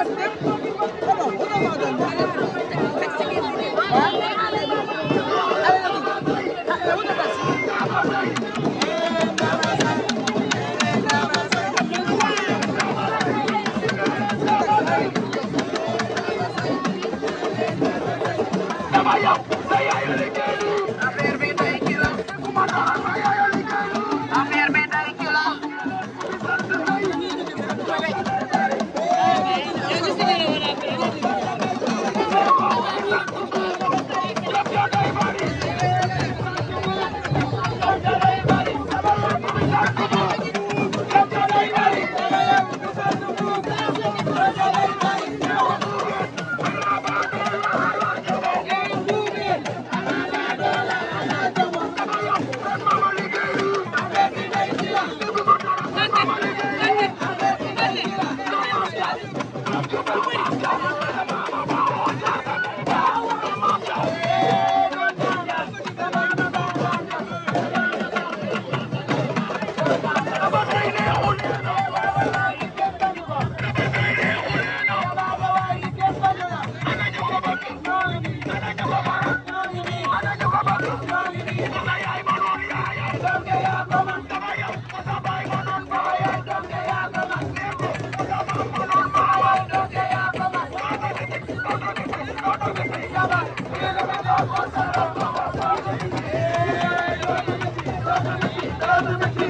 Olamaz. Thank you.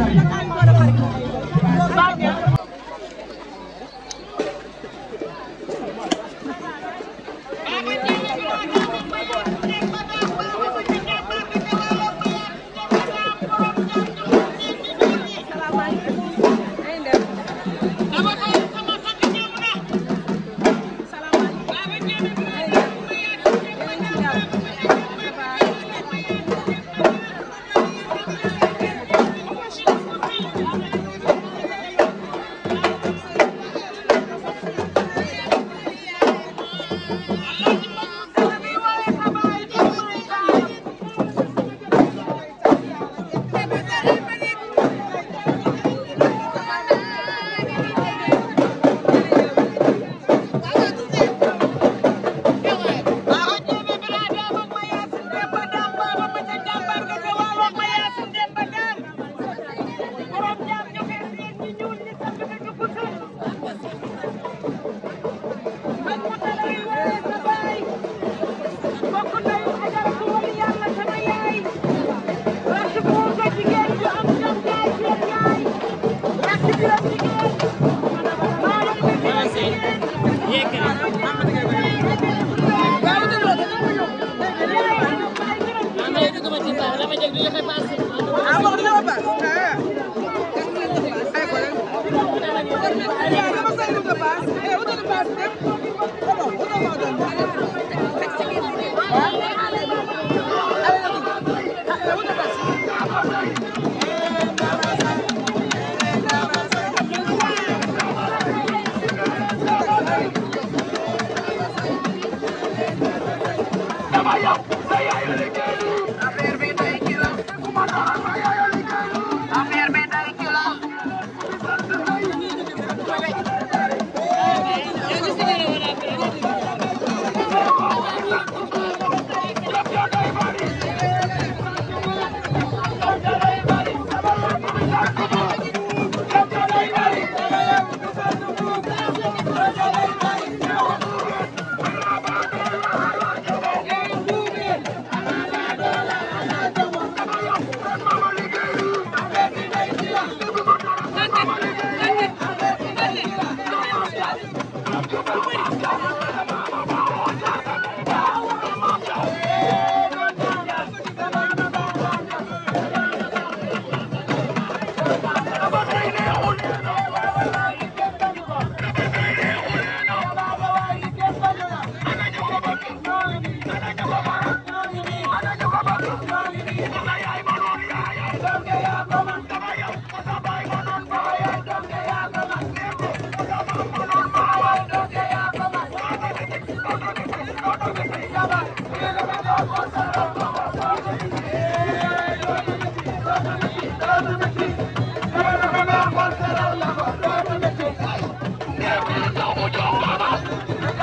Thank you. Thank you.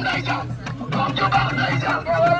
ndey ja doom ju baax ndey ja